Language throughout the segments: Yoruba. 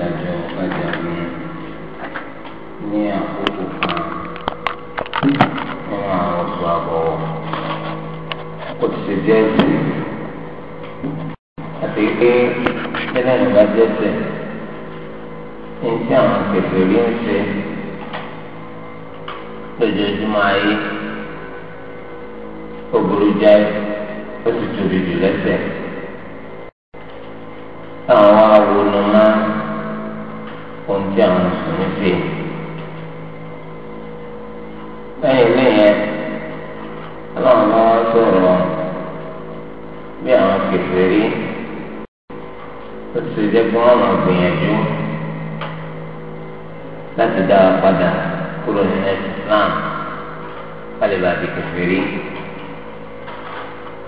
ìdájọ́ pàjáwìrì ní àkókò kan nínú àwọn oṣù àbọ̀wọ̀ kò ti ṣe jẹ́ ẹ̀sìn àti pé tẹ́lẹ̀ ní bá jẹ́ ẹ̀sìn ní tí àwọn kèfèrí ń ṣe lójoojúmọ́ ayé ó burú jáì ó sì tóbi jù lẹ́sẹ̀. Àwọn awonùmá ohun tí àwọn mùsùlùmí fi. lẹ́yìn ilé yẹn ọlọ́run bá wá sọ̀rọ̀ bí àwọn kèfèrí ó ti jẹ́ pé wọ́n máa gbìyànjú láti dá wa padà kúrò nínú Islam kálíbà ti kèfèrí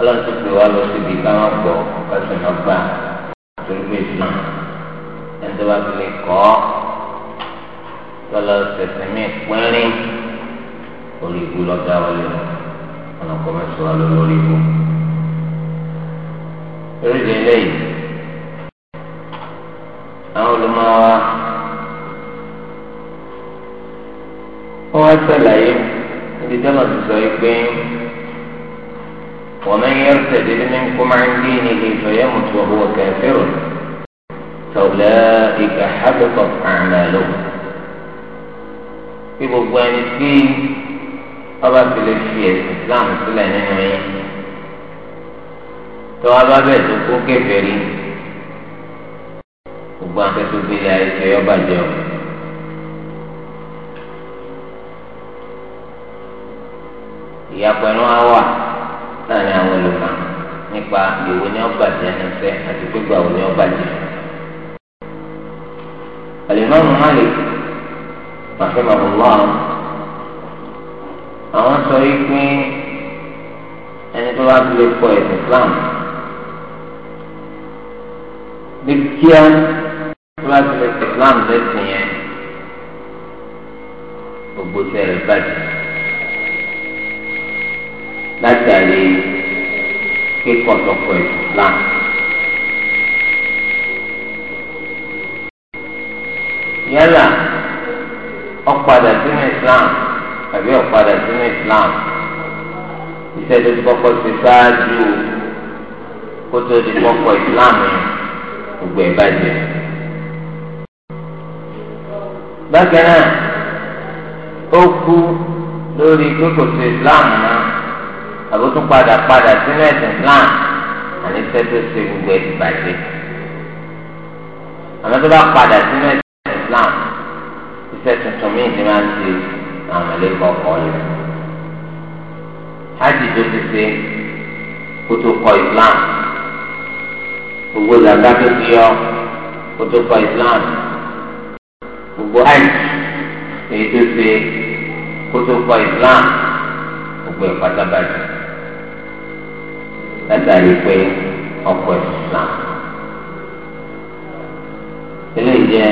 ọlọ́run tó pè wá lọ síbi káwọn gbọ́ kásìmọ́ gbà torí pé Islam ẹni tó bá fi lè kọ́ ọ́. kalau tẹ̀sí mí pínrín orí ibu lọ́dá kalau ọ̀nà kọ́mẹ́sọ̀ wa lórí ibu. orílẹ̀ eléyìí àwọn olùmọ̀wá wọ́n wá sẹ́láyé ibi tí wọ́n ti sọ yìí pé wọ́n máa ń yẹ ẹ̀rọ̀tẹ̀dé ní kọ́márin komarin ní ìfẹ̀yẹ́ mùtúwọ̀ bọ̀ kẹfẹ́rù tọ́lá ìkà hábẹ́tọ̀ àmàlò. kí gbogbo ẹni tí ọba fi lè fi ẹ̀sìn Islam sílẹ̀ nínú yín tó wá bá bẹ̀ tó kó kèfèrí gbogbo akẹ́tọ́ gbélé ayé ṣe yọ bàjẹ́ o. ìyàpọ̀ ẹnu á wà láàrin àwọn olùmọ̀ nípa ìwé ní ọgbà jẹ́ ẹnìfẹ́ àti gbégbà òní ọgbà jẹ́. Al-Imam Malik pàṣẹmọ̀ lọ́wọ́ àwọn sọ yìí pé ẹni tó bá lè kọ ẹ̀sìn Islam bí kíá tó bá lè kọ Islam lẹ́sìn yẹn gbogbo sẹ́rẹ̀ bàjẹ́ látàrí kíkọ̀ tọkọ ẹ̀sìn Islam. yálà ọ̀padà sínú islam àbí ọ̀padà sínú islam iṣẹ́ tó ti kọ́kọ́ ti ṣáájú kó tó ti kọ́kọ́ islam gbogbo ẹ̀ bàjẹ́. bákan náà ó kú lórí pé kò sí islam mọ́ àbótún padà padà sínú ẹ̀sìn islam àní iṣẹ́ tó ṣe gbogbo ẹ̀ ti bàjẹ́. àmọ́ tó bá padà sínú ẹ̀sìn islam iṣẹ́ tuntun míì ti máa ń ṣe àmàlẹ́kọ̀ ọ̀lẹ̀. hajj tó ti ṣe kó tó kọ islam gbogbo zaka tó ti yọ kó tó kọ islam gbogbo hajj èyí tó ṣe kó tó kọ islam gbogbo ẹ̀ pátábàjẹ́ látàrí pé ọkọ̀ islam. eléyìí jẹ́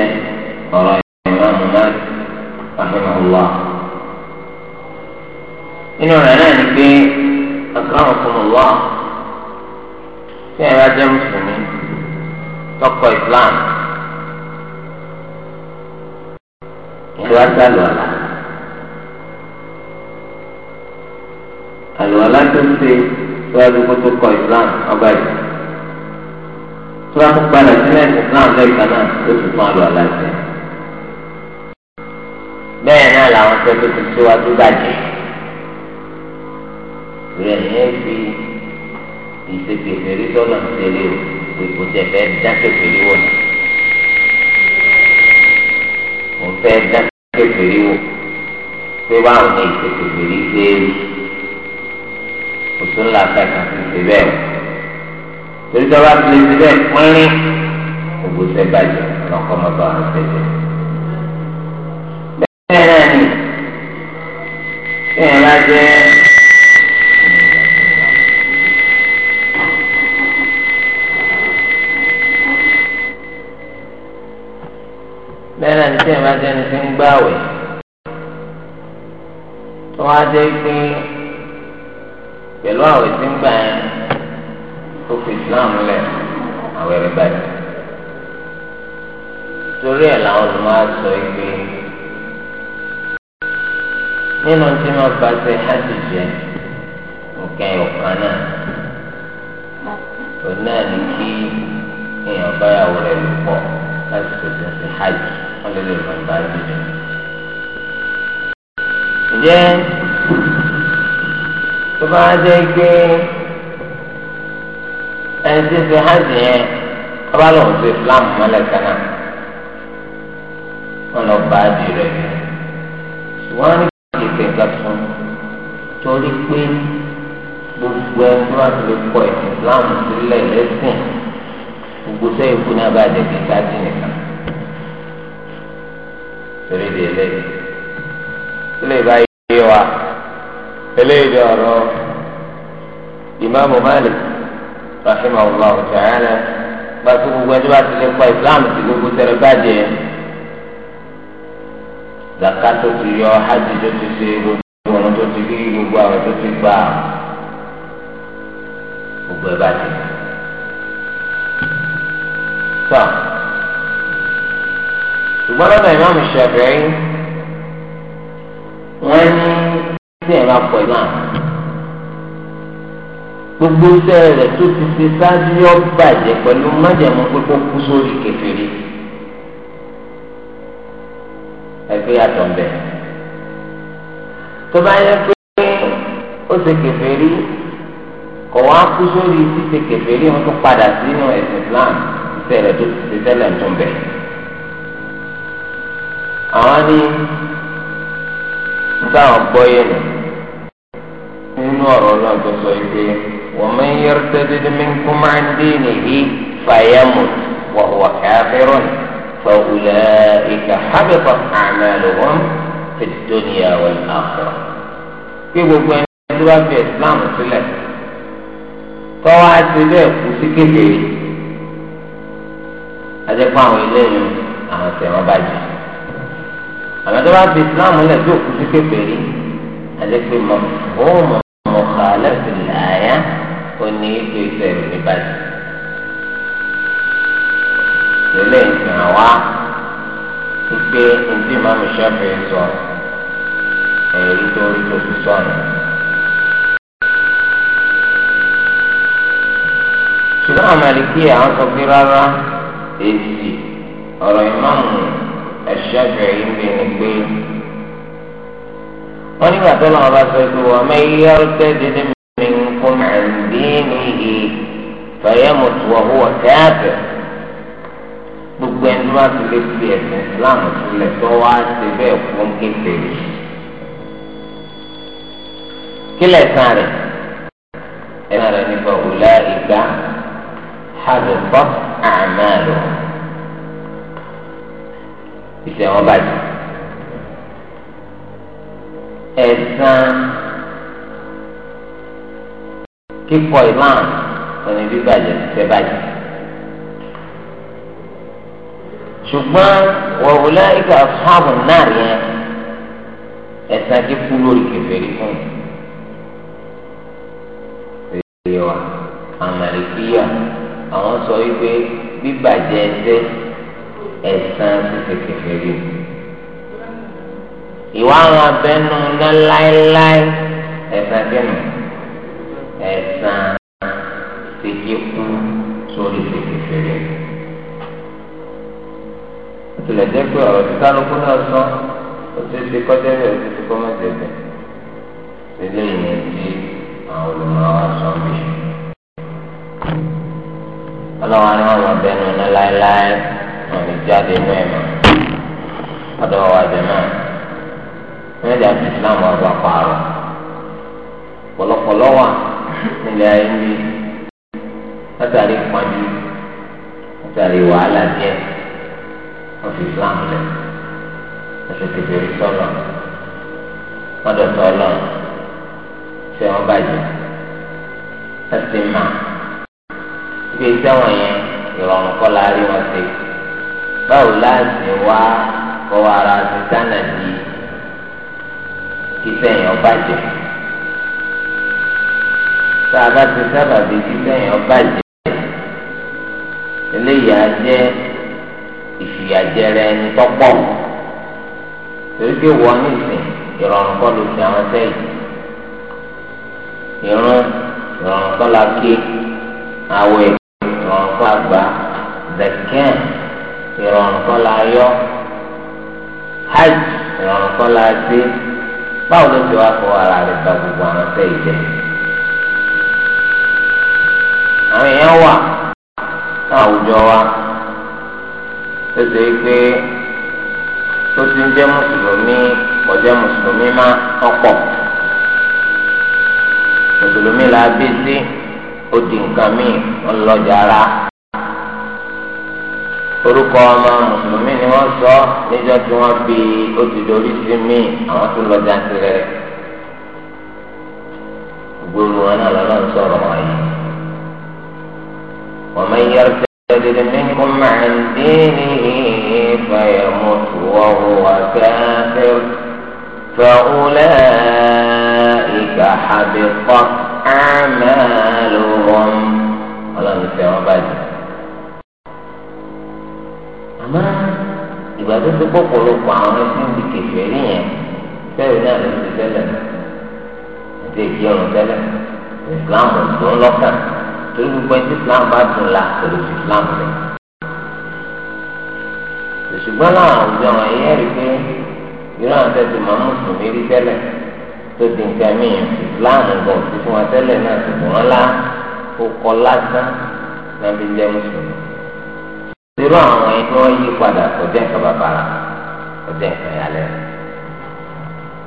ọ̀rọ̀ ìmáàmù Malik rahimahullah. inú rẹ̀ náà ni pé àkàrà fún ọlọ́ tí ẹ̀rọ ajẹ́ mùsùlùmí tọkọ Islam ìlú asálù àlá. àlùwàlá tó ṣe síwájú kó tó kọ Islam ọgbà yìí tí wọn tún padà sílẹ̀ Islam lẹ́yìn kan náà ó sì tún àlùwàlá jẹ. nǹkan tó ti síwájú bàjẹ́ rẹ̀ yẹn fi ìṣèkèfèrè sọ́nà tẹ̀lé o pé kò tẹ̀ fẹ́ dákẹ́fèrè wọ̀ náà mo fẹ́ dákẹ́fèrè wọ̀ pé báwo ni ìṣèkèfèrè ṣe é kò tún làákà kan ti ṣe bẹ́ẹ̀ torí tí wọ́n ṣe bẹ́ẹ̀ pínrín ògbóṣẹ́ bàjẹ́ ọ̀nà ọkọ̀ ọmọ bá wọn ṣe ìyẹn bá jẹ́ bẹ́ẹ̀ náà ní sẹ́yìn bá jẹ́ ẹni tí ń gbàwẹ̀ tó wá jẹ́ pé pẹ̀lú àwẹ̀ tí ń gbà yẹn ó fi Islam lẹ̀ àwẹ̀ rẹ̀ bàjẹ́ torí ẹ̀ làwọn olùmọ̀ á sọ pé nínú tí wọn bá ṣe hajj jẹ nǹkan ọ̀kan náà òun náà ní kí èèyàn báyàwó rẹ̀ lò pọ̀ láti pèsè sí hajj wọn lè lè mọ ìgbà jíjẹ. ǹjẹ́ tó bá jẹ́ pé ẹni tí ń ṣe hajj yẹn ọba lòun ṣe Islam mọ́lẹ̀ kan náà wọn lọ bá a di rẹ̀ ṣùgbọ́n torí pé gbogbo ẹni tó bá ti lè kọ ẹ̀sìn Islam sílẹ̀ lẹ́sìn gbogbo sẹ́yìn kú ní abájẹ́ kíkà sí nìkan torí di eléyìí ilé ìbáyé wa eléyìí ọ̀rọ̀ ìmáàmù Malik rahimahullah ta'ala gbàtú gbogbo ẹni tó lè kọ Islam sí gbogbo sẹ́yìn bàjẹ́ zakato ti yọ hajj tó ti ṣe gbogbo tó ti rí gbogbo àwọn tó ti gbà gbogbo ẹ̀ bàjẹ́. sọ ṣùgbọ́n lọ́dọ̀ ìmọ̀ mi ṣẹ̀bẹ̀ yín wọ́n ní sí ẹ̀rọ pọ̀ náà gbogbo iṣẹ́ rẹ̀ tó ti ṣe ṣáájú yọ bàjẹ́ pẹ̀lú májẹ̀mú pé kú sórí kẹfìrí ẹgbẹ́ yàtọ̀ ń tó bá yẹ pé ó ṣe kèfèrí kò wá kú sórí ṣíṣe kèfèrí wọn tó padà sínú ẹ̀sìn Islam ìṣẹ̀lẹ̀ tó ti tẹ́lẹ̀ tó ń bẹ. àwọn ní n bá wọn gbọ́ yẹn nínú ọ̀rọ̀ náà tó sọ yìí pé wọ́n máa ń yẹrù tẹ́lẹ̀ mi ń kú máa ń dé nìyí fàyàmù wọ̀wọ̀ kẹfẹ́rọ̀ fọ̀wùlẹ̀ ìkà hábẹ́fọ̀ àmàlùwọ̀n. fi dunya wal akhirah kí gbogbo ẹni tó bá fi islam sílẹ̀ tọ́wọ́ àti bẹ́ẹ̀ kú sí kékeré adẹ́kun àwọn eléyìí àwọn tẹ̀wọ́n bàjẹ́ àwọn tó bá fi islam lẹ̀ tó kú sí kékeré adẹ́kun mọ̀ òun mọ̀ lẹ́sìn láyà ó ní ètò ìfẹ́ rẹ̀ ní bàjẹ́. lẹ́lẹ́ pé ndí màmú sẹ́fẹ̀ sọ ẹ̀rí tó rí tó fi sọ̀rọ̀. ṣùgbọ́n àmàlìkí àwọn sọ pé rárá èsì ọ̀rọ̀ ìmáàmù ẹ̀ṣẹ́fẹ̀ yìí ń bẹ ní pé wọ́n nígbà tó lọ́wọ́ bá sọ pé wọ́n máa yí ọ́rọ́tẹ́ dídí mi kó màá ń dín ní ìhì fàyẹ́mùtù wọ̀ gbogbo ẹni tó bá ti lè fi ẹ̀sìn Islam sílẹ̀ tó wá ṣe bẹ́ẹ̀ fún kékeré kílẹ̀ sàn rẹ̀ ẹ̀rọ rẹ̀ nípa òlà ìgbà hàbẹ̀bọ̀ àmàlò ìṣẹ̀ wọn bàjẹ́ ẹ̀sán kíkọ ìmáà òní bíbàjẹ́ ṣẹ́ bàjẹ́. ṣùgbọ́n wọ́n wò láyìíká fáwọn náà yẹn ẹ̀sán ti kú lórí kẹfẹ́rí fún ìrèlè wa àmàlìkíyà àwọn sọ wípé bíbàjẹ́ ẹsẹ̀ ẹ̀sán ti kẹfẹ́rí ìwà àwọn abẹ́nu ná láéláé ẹ̀sán kẹ́nu ẹ̀sán ti kú sórí kẹfẹ́rí. tilẹ̀ jẹ́ pé ọ̀rọ̀ tí kálukú náà sọ ó ti ṣe kọjá bẹ́ẹ̀ ó ti kọ́ mẹ́jẹ bẹ́ẹ̀ ilé ìyẹn tí àwọn olùmọ̀ọ́ sọ bí. ọlọ́wọ́n ni wọ́n mọ̀ bẹ́ẹ̀ nínú láéláé wọn lè wa jẹ náà wọ́n yẹ kí wà pààrọ̀ pọ̀lọpọ̀lọ wà ayé látàrí wọn fi islam lẹ ẹsẹ kékeré sọlọ wọn dọ sọlọ ṣé wọn bàjẹ́ ẹsẹ yang ibi iṣẹ́ lari yẹn bau kọ́ la rí wọn ṣe báwo di iṣẹ́ yang bàjẹ́ tá a bá ti sábà di iṣẹ́ yẹn bàjẹ́ eléyìí á jẹrẹ ẹni tọ́pọ̀ torí pé wọ́n ní ìsìn ìrọ̀rùn kọ́ ló fi àwọn sẹ́yìn ìrún ìrọ̀rùn kọ́ la ké àwẹ̀ ìrọ̀rùn kọ́ àgbà zẹ̀kẹ́n ìrọ̀rùn kọ́ la yọ hajj ìrọ̀rùn kọ́ la dé báwo ló ti wá fọ ara rẹ̀ gba gbogbo àwọn sẹ́yìn jẹ́ àwọn èèyàn wà ní wa tó ṣe é pé tó ti ń jẹ́ mùsùlùmí ọ̀jẹ́ mùsùlùmí má ọ̀pọ̀ mùsùlùmí la bí sí ó di nǹkan míì ńlọjà ara orúkọ ọmọ mùsùlùmí ni wọ́n sọ níjọ́ tí wọ́n fi ó ti dorí sí míì àwọn tó lọ́jà tirẹ̀ gbogbo wọn náà lọ́nà sọ̀rọ̀ wọ̀nyí wọ́n máa يجد منكم عن دينه فيمت وهو كافر فأولئك حبطت أعمالهم ولم بعد أما إذا تبقى قلوب عامسين بكفرين فإذا لم تتلم تجيون تلم إسلام وسلم torí gbogbo ẹni tí islam bá dùn la pẹ̀lú islam rẹ̀ ṣùgbọ́n láwọn àwùjọ àwọn ẹ̀yẹ́ rí pé irú àwọn tẹ́tí máa ń mùsùlùmí rí tẹ́lẹ̀ tó di nǹkan mìíràn islam gbọ̀ sí fún wa tẹ́lẹ̀ náà ṣùgbọ́n wọn lá ó kọ lásán náà fi jẹ́ mùsùlùmí. irú àwọn ẹni tí wọ́n yí padà kọjá nǹkan bàbàrà kọjá nǹkan yálẹ́.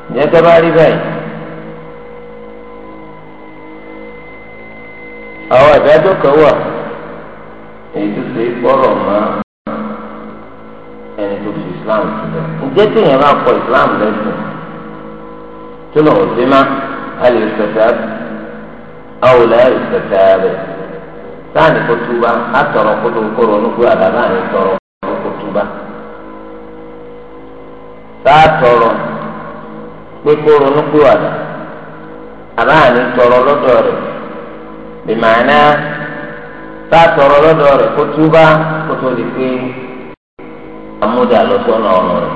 ìjẹ́ tó bá rí báyìí. àwọn àdájọ́ kan wà èyí tó ṣe gbọ́rọ̀ mọ́ ẹni tó fi islam sílẹ̀ ǹjẹ́ tí èèyàn máa kọ islam lẹ́sìn tó lọ wọ́n sí máa a lè ṣẹ̀dá àwòlá ìṣẹ̀dá rẹ̀ sáàni kó túbá á tọrọ kó tó kóró nígbó àdàlà ní tọrọ kó túbá sáà tọrọ pé kóró nígbó àdà àbáà ní tọrọ lọ́dọ̀ rẹ̀ bìmọ̀nà tá a tọrọ lọ́dọ̀ rẹ̀ kó túbá kó tó di pé àmúdà lọ sọ́nà ọ̀nà rẹ̀.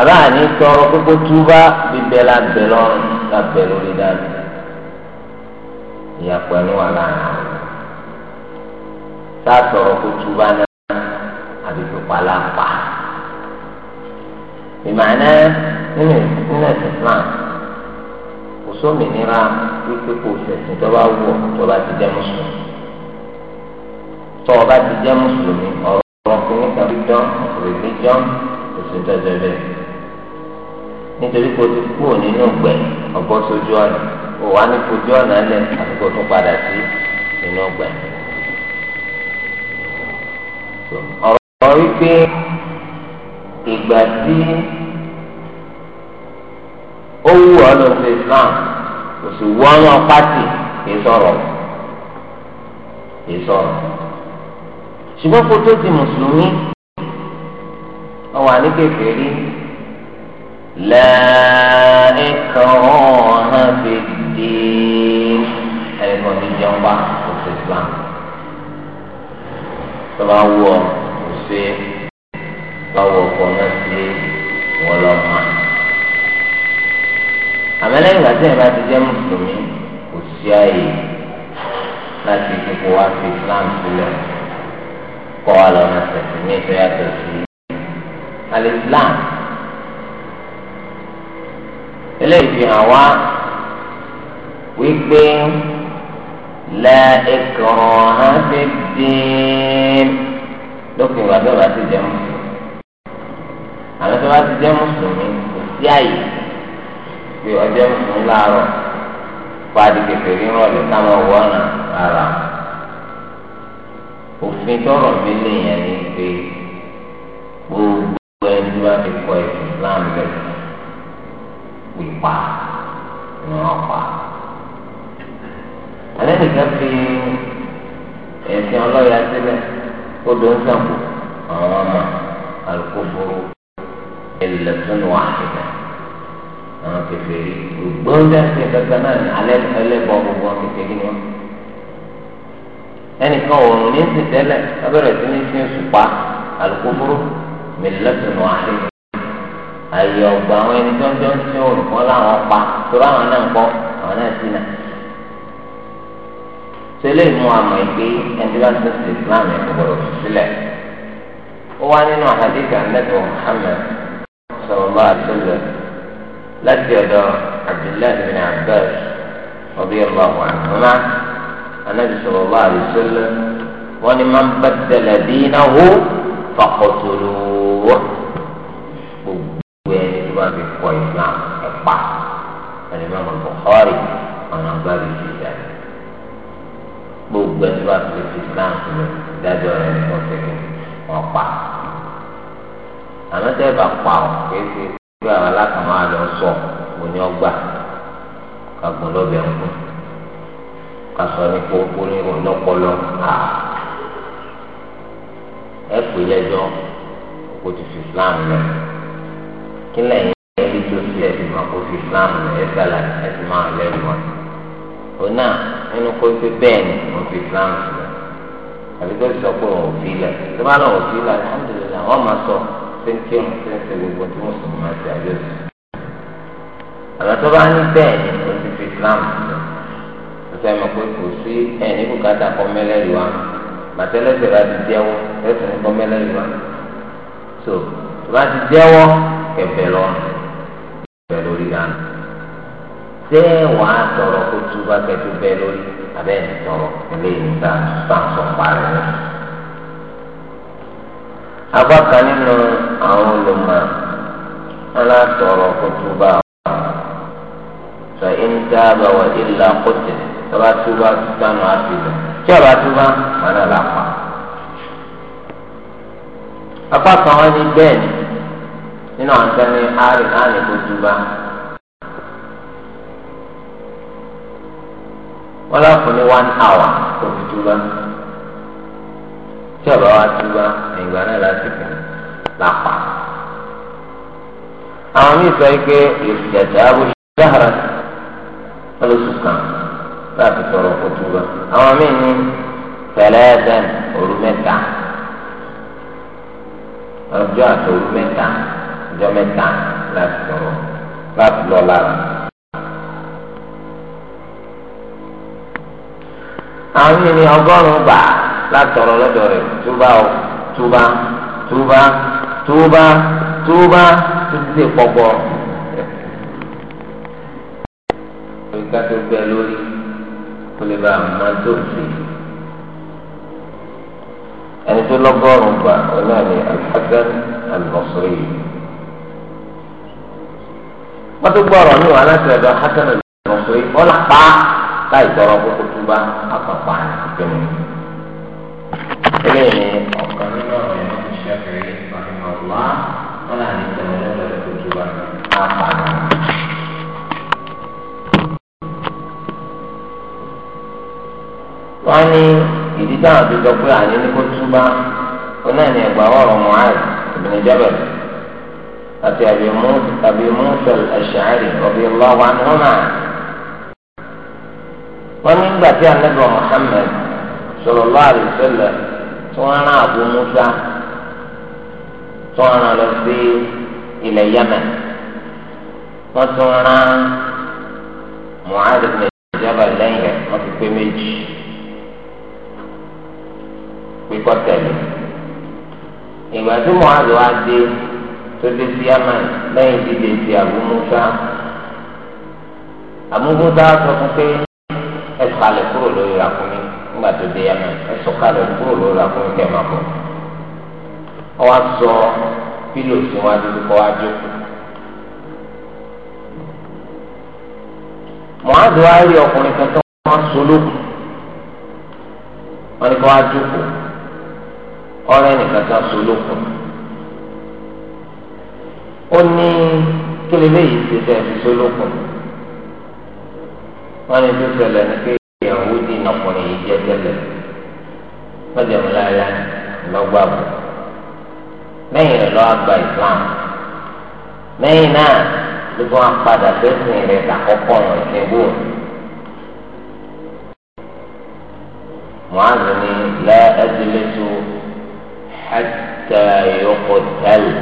àbá àní tọrọ kókó túbá bíbẹ́ la bẹ̀ lọ́rùn la bẹ̀ lórí dáadáa ìyàpọ̀ ẹnu wà láàrin a tọrọ kó túbá náà àbí pípa lápá. bìmọ̀nà nínú ìsìn náà ti fún àwọn sómìnira wípé kò fẹ̀sìn tó bá wù ọ́ tó bá ti jẹ́ mùsùlùmí tó o bá ti jẹ́ mùsùlùmí ọ̀rọ̀ kìíní kan religion religion òsì tọ́jọ́ bẹ́ẹ̀ nítorí kó o ti kúrò nínú ìgbẹ́ ọgbọ́n sójú ọ̀nà o wà ní kojú ọ̀nà lẹ̀ àtúkò tó padà sí inú ìgbẹ́. ọ̀rọ̀ wípé ìgbà tí ó wù ọ́ lọ sí Islam kò sì wọ́n náà pátì kì í sọ̀rọ̀ kì í sọ̀rọ̀ ṣùgbọ́n kó tó di mùsùlùmí ọwọ́ àní kékeré lẹ́ẹ̀kan ọ̀hán fi di ẹ̀kọ́ ti jẹun bá òfin Islam tó bá wù ọ́ kò sí báwo ọkọ̀ náà sí wọ́n lọ́ọ́ máa àmọ́ lẹ́yìn ìgbà tí ẹ̀ bá ti jẹ́ mùsùlùmí kò sí ààyè láti kíkó wá sí Islam sílẹ̀ kọ́ wa lọ máa tẹ̀sí ní ìfẹ́ yàtọ̀ sí al-Islam eléyìí fi hàn wá wípé la ikraha fid-din lókè ìgbà tó bá ti jẹ́ mùsùlùmí àmọ́ tó bá ti jẹ́ mùsùlùmí kò sí ààyè pé ọjọ́ mùsùlùmí láàárọ̀ fàdí kẹfẹ́rí rọ̀lẹ́ táwọn wọ́n ràn ara òfin tọrọ mi lèèyàn ni pé gbogbo ẹni tí wọ́n ti kọ ẹ̀sìn Islam lẹ́sìn pípa ni wọ́n pa alẹ́ nìkan fi ẹ̀sìn ọlọ́yà sílẹ̀ ó dó ń sàkó àwọn ọmọ alukófóró ẹ̀lẹ́tún wà àwọn kẹfẹẹri gbogbo ọjà ṣe kankan náà ní alẹ ẹlẹbọ gbogbo kẹfẹẹri wọn. ẹnìkan òòrùn ní ti tẹ́lẹ̀ abẹ́rẹ́ sí ní sin sùpá alukóbóró mẹlẹ́tọ̀nù àlẹ́. àyè ọ̀gbà àwọn ẹni tó ń jọ ń sin olùkọ́ láwọn pa torí àwọn náà ń kọ́ àwọn náà sí náà. tẹ́lẹ̀ mú àmọ́ ìgbé ẹni bá ti Islam ẹ̀ gbọ́dọ̀ sílẹ̀. ó wá nínú àhàdíkà nẹ́tọ̀ Muhammad sọ̀rọ̀ bá a láti ọ̀dọ̀ abdullahi bin abbas radiyallahu anhuma anabi sallallahu alaihi wasallam wọ́n ní man baddala dinahu faqtuluhu gbogbo ẹni tó bá fi kọ̀ islam ẹ̀pà ẹni máa mọ̀ Bukhari ọ̀nà àgbáyé ti dà gbogbo ẹni tó bá fi fi islam sílẹ̀ dájọ́ rẹ̀ ní fi wọ́n pa àmọ́ tẹ́ bá pa ọ̀ kéésì bí àwọn alákàmọ́ àlọ́ sọ òní ọgbà kagbọ́n lọ́bẹ̀ ń kún kasọ ní kókó ní ọlọ́pọlọ à ẹ pè lẹ́jọ́ kó ti fi Islam lọ kí lẹ́yìn ẹbí tó fi ẹ̀sìn máa kó fi Islam lọ ẹ sálà ẹ̀sìn máa lẹ́nu wọn òun náà nínú kó pé bẹ́ẹ̀ ni wọ́n fi Islam lọ àbí tó sọ pé wọn ò fi lẹ̀ tó bá lọ fi lẹ̀ alhamdulilayi wọ́n máa sọ pé kí wọ́n fi ṣe gbogbo tí mùsùlùmí máa ṣe àyè sí. àmọ́ tó bá ní bẹ́ẹ̀ ni o ti fi Islam sílẹ̀ o fẹ́ mọ̀ pé kò sí ẹ̀ ní bùkátà kọ́mẹ́lẹ́rì wa màtẹ́lẹ́sẹ̀ bá ti jẹ́wọ́ ẹ̀sùn kọ́mẹ́lẹ́rì wa so tó bá ti jẹ́wọ́ ẹ̀bẹ̀ lọ ẹ̀bẹ̀ lórí dáná ṣé wàá tọrọ kó túbà kẹtù bẹ́ẹ̀ lórí abẹ́ẹ̀ tọrọ eléyìí ta bá ń sọ rẹ̀. apá nínú. àwọn olùmọ̀ alátọ̀rọ̀ kùtùbà sọ ìńdá àbáwọ̀ ìlà kùtì tọ́ba túbà sánú àfihàn tí ọba túbà mọ̀nà làpá. apá kan wọn ní bẹ́ẹ̀ ni nínú àwọn sẹ́ni àárín àárín kùtùbà. wọ́n lọ fún ní one hour kò fi túbà tí ìgbà náà láti kàn lápá. àwọn míì sọ pé ìjàjà abuṣahara olóṣù kan láti sọ̀rọ̀ kótó lọ. àwọn míì ní tẹ̀lẹ́ẹ̀dẹ́n òru mẹ́ta ọjọ́ àti òru mẹ́ta ọjọ́ mẹ́ta láti sọ̀rọ̀ láti lọ lára. àwọn míì ní ọgọ́rùn-ún bàá látọ̀rọ̀ lọ́dọ̀ rẹ̀ túbá o túbá túbá títí ti pọ̀gbọ́. ìka tó gbẹ lórí kò lè bá àmọ́ tó fi. ẹni tó lọ́gọ́rùn-ún gbà ọ̀nà ni Al-Hasan Al-Basri. wọ́n tó gbọ́ ọ̀rọ̀ ní wàhálà tó ẹ̀dọ̀ Hasan Al-Basri ọ̀là pa láì tọrọ kókó túbá àpapà ìpinnu. eléyìí ni ọ̀kan nínú ọ̀rọ̀ yẹn ń ṣe kiri àlùmá wọn là ní ìtẹ̀wé lọ́dọ̀ rẹ̀ tó tó bá a pa á. wọ́n ní ìdí táwọn ti sọ pé àlè ní kó túbá ó náà ní ẹ̀gbà ọ̀rọ̀ Mu'adh ibn Jabal àti Abi Musa al-Ash'ari radiyallahu anhuma wọ́n ní gbàtí ànábì Muhammad sallallahu alaihi wasallam tí wọ́n rán Abu Musa. tó rán lọ sí ilẹ̀ yemen wọ́n tún rán muhammed bin jaba lẹ́yìn wọ́n ti pé méjì pípọ́ tẹ̀lé ìgbà tí muhammed wá dé tó dé sí yemen lẹ́yìn dídé sí sọ fún pé kúrò lórí nígbà tó dé yemen ẹ sọ̀kalẹ̀ kúrò lórí kẹ́ máa bọ̀. ọwọ́ sọ pílò síwájú kọ́ wájú. mọ̀ádùn á rí ọkùnrin kan tó wọ́n so lókun wọ́n ní kọ́ wájú kù ọ̀rẹ́ nìkan tó so lókun. ó ní kí ni léyìí ṣe fẹ́ fi so lókun wọ́n ní tó ṣẹlẹ̀ ní pé ìyàwó dín ọkùnrin yìí jẹ́ tẹ́lẹ̀ wọ́n jẹ́ mọ́ láyà lẹ́yìn rẹ̀ lọ́wọ́ agba islam lẹ́yìn náà gbogbo wọn padà fẹ́sìn rẹ̀ dàkọ́kọ́ rẹ̀ níbò. muhammed ni lẹ́ ẹ́dínlẹ́tù ẹ̀tẹ́ yòókù tẹ́lẹ̀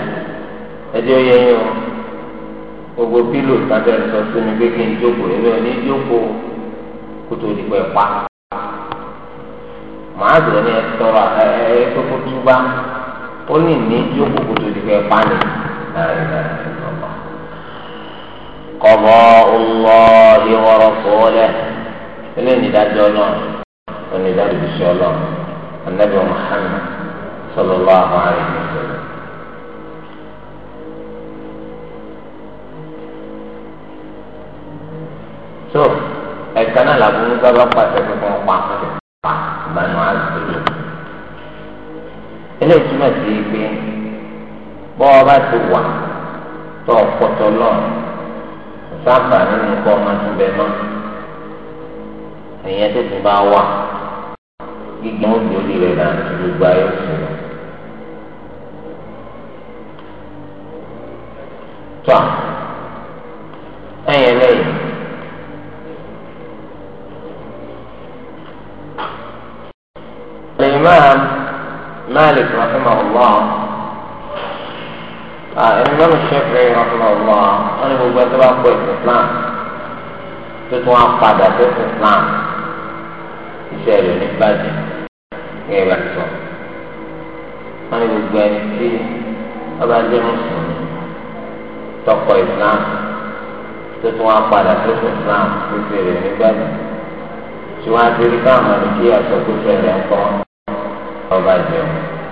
ẹjọ́ yẹn gbogbo pílò sí pé kí n jókòó ò ní jókòó kótó muhammed ó ní ní tí ó kókó tó di fẹ́ pani kọ̀bọ̀ ọlọ́ ìwọ̀rọ̀ fòólẹ̀ ilé ìdájọ́ náà onídàájú ìṣọ́ lọ anabi muhammed sallallahu alayhi so ẹ̀ka náà làbúrú sábà pàṣẹ fún ọ̀pá àbànú àti ìlú eléyìí túmọ̀ sí pé bọ́ọ̀ bá ti wà tó ọ̀pọ̀tọ̀ lọ́rùn sábà nínú kọ́ ọmọ tó bẹ mọ́ èèyàn tó ti bá wà gígé ó di orí rẹ̀ náà gbogbo ayé fún un. tọ́ ẹ̀yìn lẹ́yìn. الإمام مالك رحمه الله الإمام الشافعي رحمه الله أنا هو بذرة في الإسلام تتوقع في الإسلام ìṣẹ̀lẹ̀ ní bàjẹ́ ní ìwà sọ. wọ́n ní gbogbo ẹni tí ọba jẹ́ mùsùlùmí tọkọ islam tó tún wá padà tó fún islam tó ṣẹlẹ̀ ní bàjẹ́. tí wọ́n á ti rí káwọn ẹni kí àṣọ tó ṣẹlẹ̀ ń kọ́ ọba jẹun.